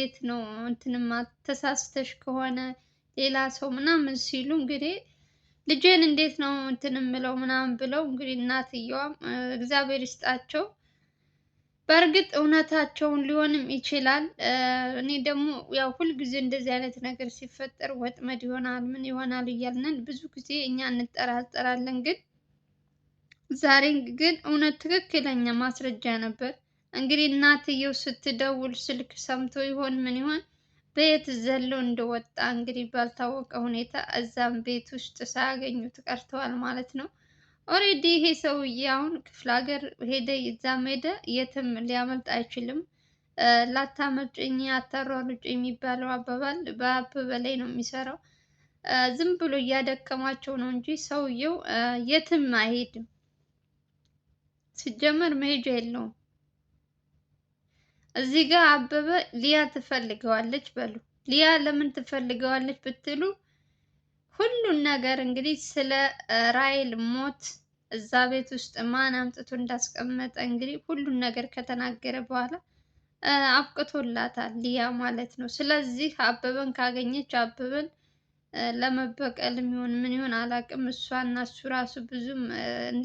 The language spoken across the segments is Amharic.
እንዴት ነው እንትንማ ተሳስተሽ ከሆነ ሌላ ሰው ምናምን ሲሉ እንግዲህ ልጄን እንዴት ነው እንትን የምለው ምናምን ብለው እንግዲህ እናትየዋም እግዚአብሔር ይስጣቸው። በእርግጥ እውነታቸውን ሊሆንም ይችላል። እኔ ደግሞ ያው ሁልጊዜ እንደዚህ አይነት ነገር ሲፈጠር ወጥመድ ይሆናል ምን ይሆናል እያልነን ብዙ ጊዜ እኛ እንጠራጠራለን። ግን ዛሬ ግን እውነት ትክክለኛ ማስረጃ ነበር። እንግዲህ እናትየው ስትደውል ስልክ ሰምቶ ይሆን ምን ይሆን በየት ዘሎ እንደወጣ እንግዲህ ባልታወቀ ሁኔታ እዛም ቤት ውስጥ ሳያገኙት ቀርተዋል ማለት ነው። ኦሬዲ ይሄ ሰውዬ አሁን ክፍለ ሀገር ሄደ፣ እዛም ሄደ፣ የትም ሊያመልጥ አይችልም። ላታመልጭኝ አታሯሩጭ የሚባለው አባባል በአብ በላይ ነው የሚሰራው። ዝም ብሎ እያደከማቸው ነው እንጂ ሰውየው የትም አይሄድም። ሲጀመር መሄጃ የለውም። እዚህ ጋር አበበ ሊያ ትፈልገዋለች በሉ። ሊያ ለምን ትፈልገዋለች ብትሉ ሁሉን ነገር እንግዲህ ስለ ራይል ሞት እዛ ቤት ውስጥ ማን አምጥቶ እንዳስቀመጠ እንግዲህ ሁሉን ነገር ከተናገረ በኋላ አብቅቶላታል ሊያ ማለት ነው። ስለዚህ አበበን ካገኘች አበበን ለመበቀል የሚሆን ምን ይሆን አላውቅም። እሷ እና እሱ ራሱ ብዙም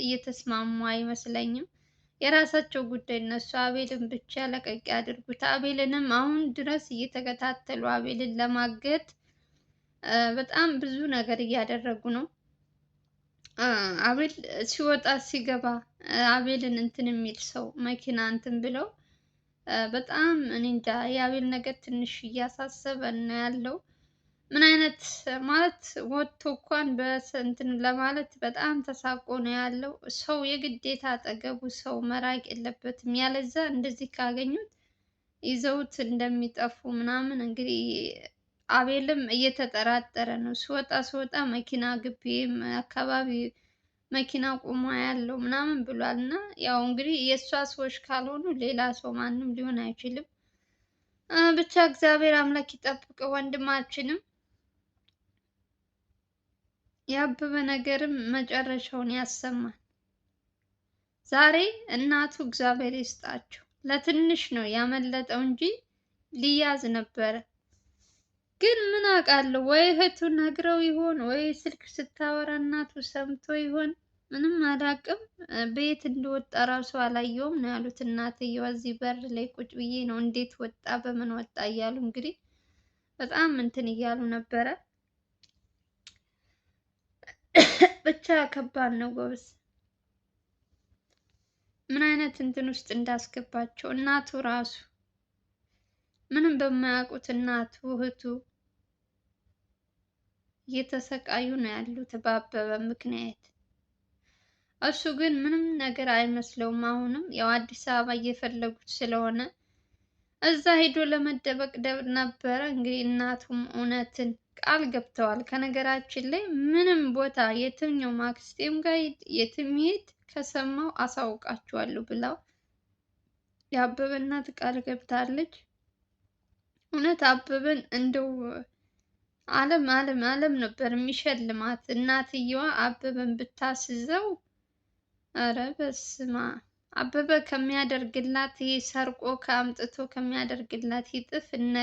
እየተስማሙ አይመስለኝም። የራሳቸው ጉዳይ እነሱ አቤልን ብቻ ለቀቅ ያድርጉት። አቤልንም አሁን ድረስ እየተከታተሉ አቤልን ለማገት በጣም ብዙ ነገር እያደረጉ ነው። አቤል ሲወጣ ሲገባ አቤልን እንትን የሚል ሰው መኪና እንትን ብለው በጣም እኔ እንጃ የአቤል ነገር ትንሽ እያሳሰበ ነው ያለው። ምን አይነት ማለት ወጥቶ እንኳን በስንትን ለማለት በጣም ተሳቆ ነው ያለው። ሰው የግዴታ አጠገቡ ሰው መራቅ የለበትም። ያለዛ እንደዚህ ካገኙት ይዘውት እንደሚጠፉ ምናምን። እንግዲህ አቤልም እየተጠራጠረ ነው። ስወጣ ሲወጣ መኪና ግቢ አካባቢ መኪና ቆሞ ያለው ምናምን ብሏል። እና ያው እንግዲህ የእሷ ሰዎች ካልሆኑ ሌላ ሰው ማንም ሊሆን አይችልም። ብቻ እግዚአብሔር አምላክ ይጠብቅ ወንድማችንም የአበበ ነገርም መጨረሻውን ያሰማል ዛሬ እናቱ እግዚአብሔር ይስጣቸው። ለትንሽ ነው ያመለጠው እንጂ ሊያዝ ነበረ። ግን ምን አውቃለሁ፣ ወይ እህቱ ነግረው ይሆን ወይ ስልክ ስታወራ እናቱ ሰምቶ ይሆን ምንም አላውቅም። በየት እንደወጣ ራሱ አላየውም ነው ያሉት እናትየዋ። እዚህ በር ላይ ቁጭ ብዬ ነው እንዴት ወጣ በምን ወጣ እያሉ እንግዲህ በጣም እንትን እያሉ ነበረ። ብቻ ከባድ ነው ጎበዝ። ምን አይነት እንትን ውስጥ እንዳስገባቸው እናቱ ራሱ ምንም በማያውቁት እናቱ እህቱ እየተሰቃዩ ነው ያሉት በአበበ ምክንያት። እሱ ግን ምንም ነገር አይመስለውም። አሁንም ያው አዲስ አበባ እየፈለጉት ስለሆነ እዛ ሄዶ ለመደበቅ ደብ ነበረ እንግዲህ እናቱም እውነትን ቃል ገብተዋል። ከነገራችን ላይ ምንም ቦታ የትኛው ማክስቴም ጋር የትም ሄድ ከሰማው አሳውቃችኋለሁ ብላው የአበበ እናት ቃል ገብታለች። እውነት አበበን እንደው ዓለም ዓለም ዓለም ነበር የሚሸልማት። እናትየዋ አበበን ብታስዘው ኧረ በስማ አበበ ከሚያደርግላት ይሄ ሰርቆ ከአምጥቶ ከሚያደርግላት ይጥፍ እነ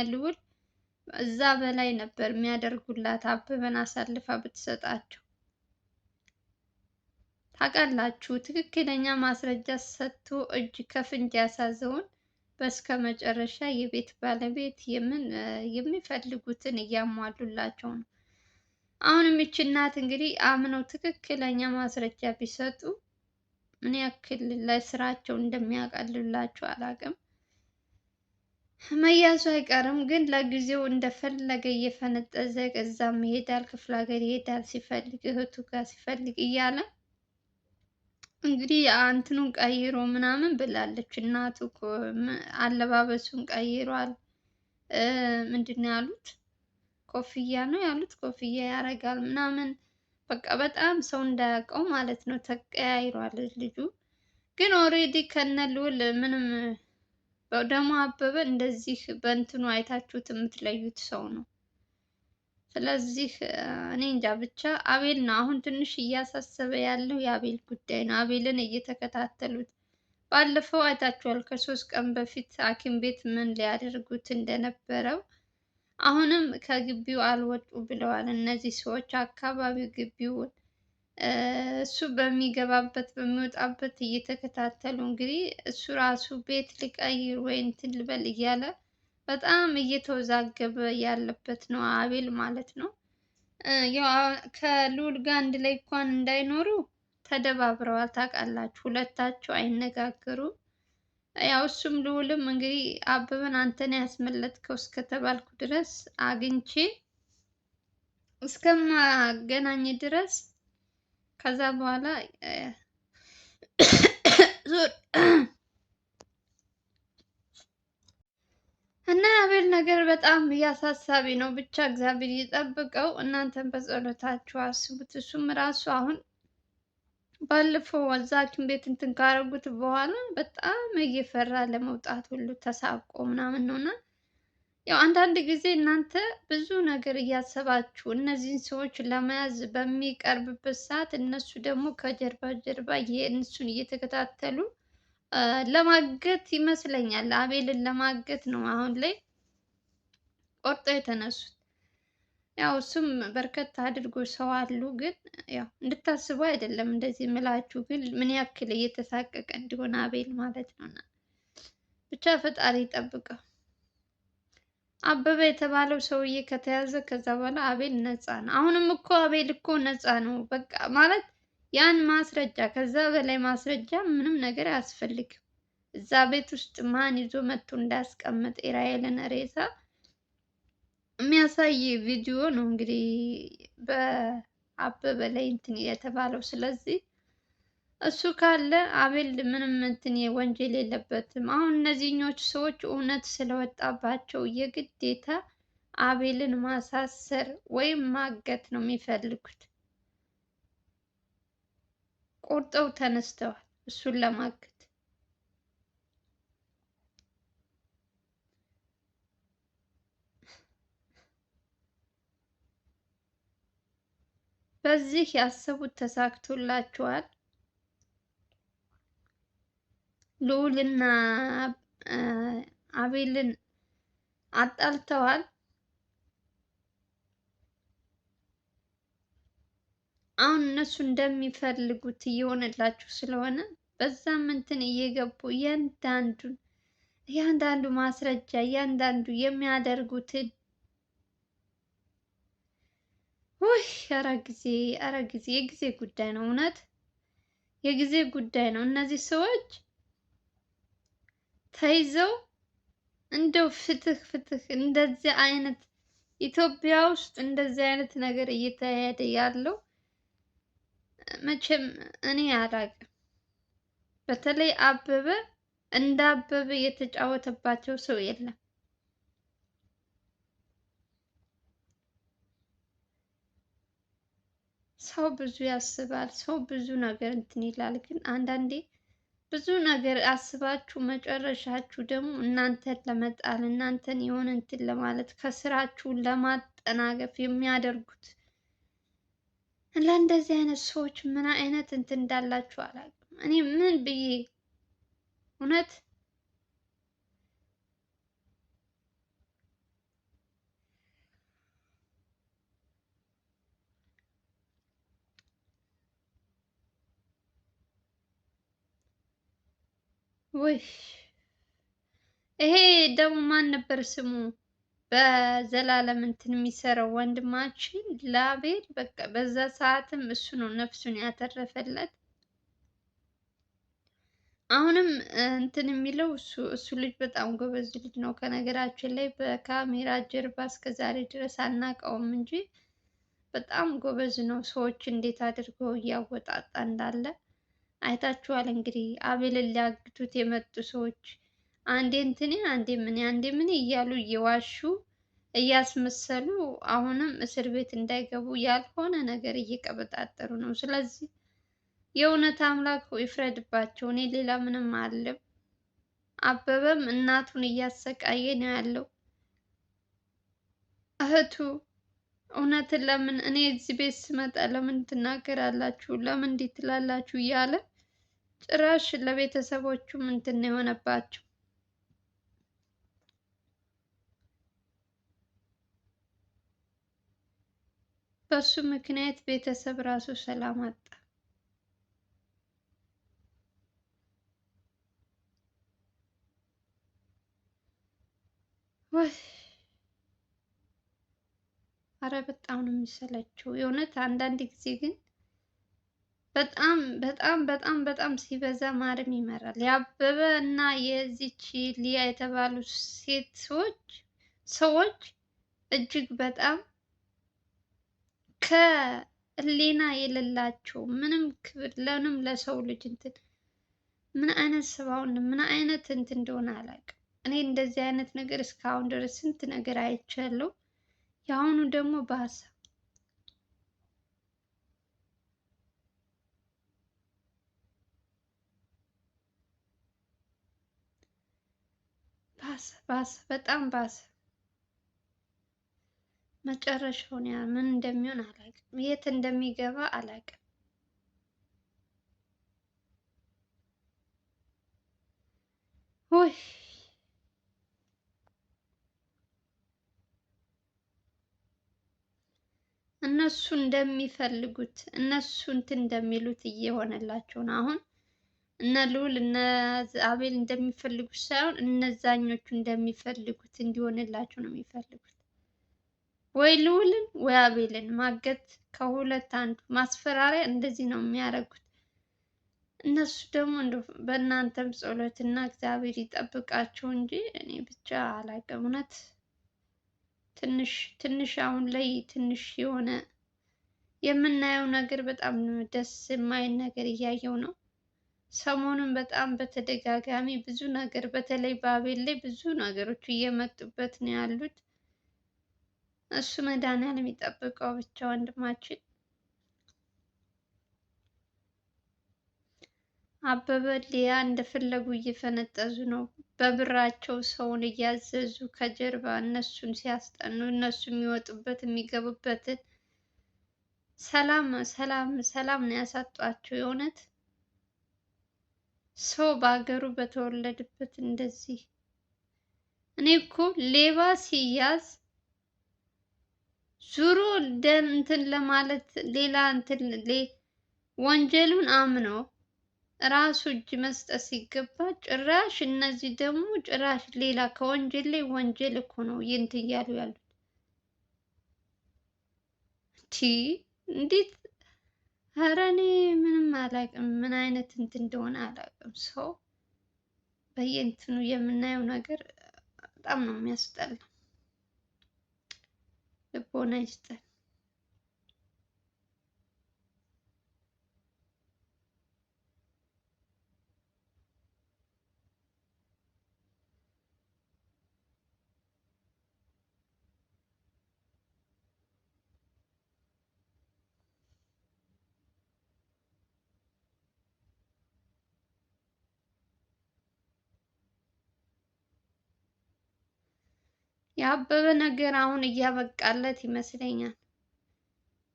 እዛ በላይ ነበር የሚያደርጉላት። አበበን አሳልፋ ብትሰጣቸው ታውቃላችሁ። ትክክለኛ ማስረጃ ሰጥቶ እጅ ከፍንጅ ያሳዘውን በስከ መጨረሻ የቤት ባለቤት የምን የሚፈልጉትን እያሟሉላቸው ነው። አሁንም ይች እናት እንግዲህ አምነው ትክክለኛ ማስረጃ ቢሰጡ ምን ያክል ለስራቸው እንደሚያቀልላቸው አላውቅም። መያዙ አይቀርም ግን ለጊዜው እንደፈለገ እየፈነጠዘ እዛም ይሄዳል፣ ክፍለ ሀገር ይሄዳል፣ ሲፈልግ እህቱ ጋር ሲፈልግ እያለ እንግዲህ አንትኑ ቀይሮ ምናምን ብላለች እናቱ። አለባበሱን ቀይሯል። ምንድን ነው ያሉት? ኮፍያ ነው ያሉት። ኮፍያ ያደርጋል ምናምን በቃ በጣም ሰው እንዳያውቀው ማለት ነው። ተቀያይሯል ልጁ ግን ኦልሬዲ ከነ ልዑል ምንም ደግሞ አበበ እንደዚህ በእንትኑ አይታችሁት የምትለዩት ሰው ነው። ስለዚህ እኔ እንጃ ብቻ አቤል ነው አሁን ትንሽ እያሳሰበ ያለው የአቤል ጉዳይ ነው። አቤልን እየተከታተሉት ባለፈው አይታችኋል። ከሶስት ቀን በፊት ሐኪም ቤት ምን ሊያደርጉት እንደነበረው አሁንም ከግቢው አልወጡ ብለዋል እነዚህ ሰዎች አካባቢው ግቢውን እሱ በሚገባበት በሚወጣበት እየተከታተሉ እንግዲህ እሱ ራሱ ቤት ልቀይር ወይ እንትን ልበል እያለ በጣም እየተወዛገበ ያለበት ነው አቤል ማለት ነው። ያው ከልዑል ጋር አንድ ላይ እንኳን እንዳይኖሩ ተደባብረዋል። ታውቃላችሁ፣ ሁለታቸው አይነጋገሩም። ያው እሱም ልዑልም እንግዲህ አበበን አንተን ያስመለጥከው እስከተባልኩ ድረስ አግኝቼ እስከማገናኝ ድረስ ከዛ በኋላ እና አቤል ነገር በጣም እያሳሳቢ ነው። ብቻ እግዚአብሔር ይጠብቀው። እናንተን በጸሎታችሁ አስቡት። እሱም ራሱ አሁን ባለፈው ወዛችን ቤት እንትን ካረጉት በኋላ በጣም እየፈራ ለመውጣት ሁሉ ተሳቆ ምናምን ነውና ያው አንዳንድ ጊዜ እናንተ ብዙ ነገር እያሰባችሁ እነዚህን ሰዎች ለመያዝ በሚቀርብበት ሰዓት እነሱ ደግሞ ከጀርባ ጀርባ እነሱን እየተከታተሉ ለማገት ይመስለኛል። አቤልን ለማገት ነው አሁን ላይ ቆርጠው የተነሱት። ያው እሱም በርከት አድርጎ ሰው አሉ። ግን ያው እንድታስቡ አይደለም እንደዚህ ምላችሁ፣ ግን ምን ያክል እየተሳቀቀ እንደሆነ አቤል ማለት ነው። ብቻ ፈጣሪ ይጠብቀው። አበበ የተባለው ሰውዬ ከተያዘ ከዛ በኋላ አቤል ነፃ ነው። አሁንም እኮ አቤል እኮ ነፃ ነው። በቃ ማለት ያን ማስረጃ ከዛ በላይ ማስረጃ ምንም ነገር አያስፈልግም። እዛ ቤት ውስጥ ማን ይዞ መጥቶ እንዳያስቀምጥ የራሔልን ሬሳ የሚያሳይ ቪዲዮ ነው እንግዲህ በአበበ ላይ እንትን የተባለው ስለዚህ እሱ ካለ አቤል ምንም እንትን ወንጀል የለበትም። አሁን እነዚህኞቹ ሰዎች እውነት ስለወጣባቸው የግዴታ አቤልን ማሳሰር ወይም ማገት ነው የሚፈልጉት። ቆርጠው ተነስተዋል እሱን ለማገት። በዚህ ያሰቡት ተሳክቶላቸዋል። ልዑልና አቤልን አጣልተዋል። አሁን እነሱ እንደሚፈልጉት እየሆነላችሁ ስለሆነ በዛም እንትን እየገቡ እያንዳንዱን እያንዳንዱ ማስረጃ እያንዳንዱ የሚያደርጉትን ውይ ኧረ ጊዜ ኧረ ጊዜ የጊዜ ጉዳይ ነው። እውነት የጊዜ ጉዳይ ነው። እነዚህ ሰዎች ተይዘው እንደው ፍትህ ፍትህ እንደዚህ አይነት ኢትዮጵያ ውስጥ እንደዚህ አይነት ነገር እየተካሄደ ያለው መቼም እኔ አላቅም። በተለይ አበበ እንደ አበበ የተጫወተባቸው ሰው የለም። ሰው ብዙ ያስባል፣ ሰው ብዙ ነገር እንትን ይላል። ግን አንዳንዴ ብዙ ነገር አስባችሁ መጨረሻችሁ ደግሞ እናንተን ለመጣል እናንተን የሆነ እንትን ለማለት ከስራችሁ ለማጠናገፍ የሚያደርጉት ለእንደዚህ አይነት ሰዎች ምን አይነት እንትን እንዳላችሁ አላውቅም። እኔ ምን ብዬ እውነት ውይ ይሄ ደግሞ ማን ነበር ስሙ? በዘላለም እንትን የሚሰራው ወንድማችን ላቤል በቃ በዛ ሰዓትም እሱ ነው ነፍሱን ያተረፈለት። አሁንም እንትን የሚለው እሱ እሱ ልጅ በጣም ጎበዝ ልጅ ነው። ከነገራችን ላይ በካሜራ ጀርባ እስከ ዛሬ ድረስ አናውቀውም እንጂ በጣም ጎበዝ ነው። ሰዎች እንዴት አድርገው እያወጣጣ እንዳለ አይታችኋል እንግዲህ አቤልን ሊያግቱት የመጡ ሰዎች አንዴ እንትኔ አንዴ ምን አንዴ ምን እያሉ እየዋሹ እያስመሰሉ አሁንም እስር ቤት እንዳይገቡ ያልሆነ ነገር እየቀበጣጠሩ ነው። ስለዚህ የእውነት አምላክ ይፍረድባቸው። እኔ ሌላ ምንም አለም። አበበም እናቱን እያሰቃየ ነው ያለው። እህቱ እውነትን ለምን እኔ እዚህ ቤት ስመጣ ለምን ትናገራላችሁ፣ ለምን እንዲህ ትላላችሁ እያለ ጭራሽ ለቤተሰቦቹ ምንድን የሆነባቸው። በሱ ምክንያት ቤተሰብ ራሱ ሰላም አጣ። አረ በጣም ነው የሚሰለችው የእውነት አንዳንድ ጊዜ ግን በጣም በጣም በጣም በጣም ሲበዛ ማርም ይመራል። የአበበ እና የዚች ሊያ የተባሉ ሴት ሰዎች እጅግ በጣም ከህሊና የሌላቸው ምንም ክብር ለምንም ለሰው ልጅ እንትን ምን አይነት ስባውን ምን አይነት እንትን እንደሆነ አላውቅም። እኔ እንደዚህ አይነት ነገር እስካሁን ድረስ ስንት ነገር አይቻለሁ። የአሁኑ ደግሞ በሀሳብ ባሰ ባሰ፣ በጣም ባሰ። መጨረሻውን ያ ምን እንደሚሆን አላውቅም፣ የት እንደሚገባ አላውቅም። ውይ እነሱ እንደሚፈልጉት እነሱ እንትን እንደሚሉት እየሆነላቸው ነው አሁን እነ ልዑል እነ አቤል እንደሚፈልጉት ሳይሆን እነዛኞቹ እንደሚፈልጉት እንዲሆንላቸው ነው የሚፈልጉት። ወይ ልዑልን ወይ አቤልን ማገት ከሁለት አንዱ ማስፈራሪያ፣ እንደዚህ ነው የሚያደርጉት። እነሱ ደግሞ እንደ በእናንተም ጸሎትና እግዚአብሔር ይጠብቃቸው እንጂ እኔ ብቻ አላውቅም። እውነት ትንሽ ትንሽ አሁን ላይ ትንሽ የሆነ የምናየው ነገር በጣም ደስ የማይል ነገር እያየው ነው። ሰሞኑን በጣም በተደጋጋሚ ብዙ ነገር በተለይ በአቤል ላይ ብዙ ነገሮች እየመጡበት ነው ያሉት። እሱ መድኃኒዓለም የሚጠብቀው ብቻ ወንድማችን አበበ ሊያ እንደፈለጉ እየፈነጠዙ ነው። በብራቸው ሰውን እያዘዙ ከጀርባ እነሱን ሲያስጠኑ እነሱ የሚወጡበት የሚገቡበትን ሰላም ሰላም ሰላም ነው ያሳጧቸው የእውነት ሰው በሀገሩ በተወለደበት እንደዚህ። እኔ እኮ ሌባ ሲያዝ ዙሮ ደን እንትን ለማለት ሌላ እንትን ወንጀሉን አምኖ ራሱ እጅ መስጠት ሲገባ ጭራሽ እነዚህ ደግሞ ጭራሽ ሌላ ከወንጀል ላይ ወንጀል እኮ ነው ይንት እያሉ ያሉት። እንዴት ኧረ እኔ አላውቅም፣ ምን አይነት እንትን እንደሆነ አላውቅም። ሰው በየእንትኑ የምናየው ነገር በጣም ነው የሚያስጠላ። ልቦና ይስጠን። የአበበ ነገር አሁን እያበቃለት ይመስለኛል።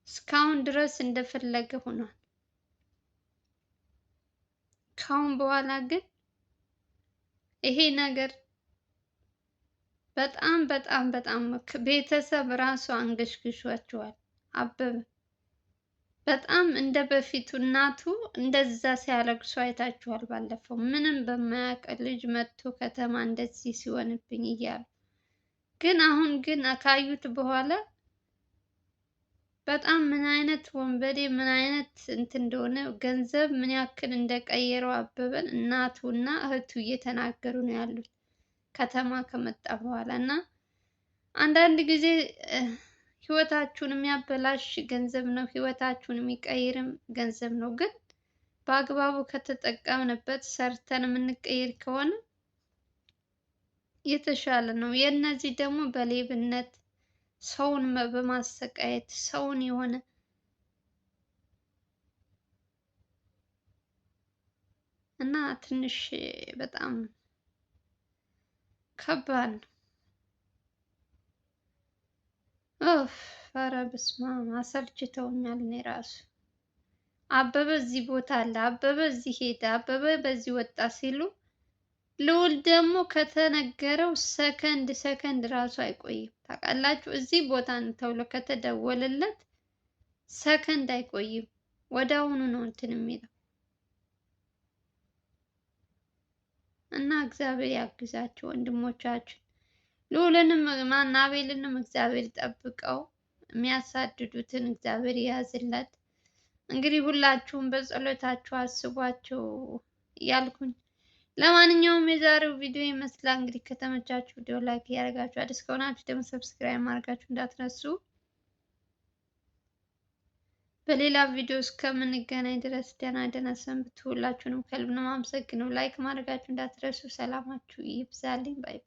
እስካሁን ድረስ እንደፈለገ ሆኗል። ካሁን በኋላ ግን ይሄ ነገር በጣም በጣም በጣም ቤተሰብ ራሱ አንገሽግሿቸዋል። አበበ በጣም እንደ በፊቱ እናቱ እንደዛ ሲያለቅሱ አይታችኋል። ባለፈው ምንም በማያውቅ ልጅ መጥቶ ከተማ እንደዚህ ሲሆንብኝ እያሉ ግን አሁን ግን ካዩት በኋላ በጣም ምን አይነት ወንበዴ ምን አይነት እንትን እንደሆነ ገንዘብ ምን ያክል እንደቀየረው አበበን እናቱ እና እህቱ እየተናገሩ ነው ያሉት ከተማ ከመጣ በኋላ እና አንዳንድ ጊዜ ህይወታችሁን የሚያበላሽ ገንዘብ ነው፣ ህይወታችሁን የሚቀይርም ገንዘብ ነው። ግን በአግባቡ ከተጠቀምንበት ሰርተን የምንቀይር ከሆነ የተሻለ ነው። የእነዚህ ደግሞ በሌብነት ሰውን በማሰቃየት ሰውን የሆነ እና ትንሽ በጣም ከባድ ነው። ኦፍ ኧረ በስመ አብ አሰልችተውኛል። እኔ ራሱ አበበ እዚህ ቦታ አለ፣ አበበ እዚህ ሄደ፣ አበበ በዚህ ወጣ ሲሉ ልዑል ደግሞ ከተነገረው ሰከንድ ሰከንድ ራሱ አይቆይም። ታውቃላችሁ፣ እዚህ ቦታ ተብሎ ከተደወለለት ሰከንድ አይቆይም፣ ወደ አሁኑ ነው እንትን የሚለው እና እግዚአብሔር ያግዛቸው ወንድሞቻችን። ልዑልንም ማን አቤልንም እግዚአብሔር ጠብቀው፣ የሚያሳድዱትን እግዚአብሔር የያዝለት። እንግዲህ ሁላችሁም በጸሎታችሁ አስቧቸው እያልኩኝ ለማንኛውም የዛሬው ቪዲዮ ይመስላል። እንግዲህ ከተመቻችሁ ቪዲዮ ላይክ እያደረጋችሁ አዲስ ከሆናችሁ ደግሞ ሰብስክራይብ ማድረጋችሁ እንዳትነሱ በሌላ ቪዲዮ እስከምንገናኝ ድረስ ደህና ደህና ሰንብቱ። ሁላችሁንም ከልብ ነው የማመሰግነው። ላይክ ማድረጋችሁ እንዳትረሱ። ሰላማችሁ ይብዛልኝ። ባይ ባይ።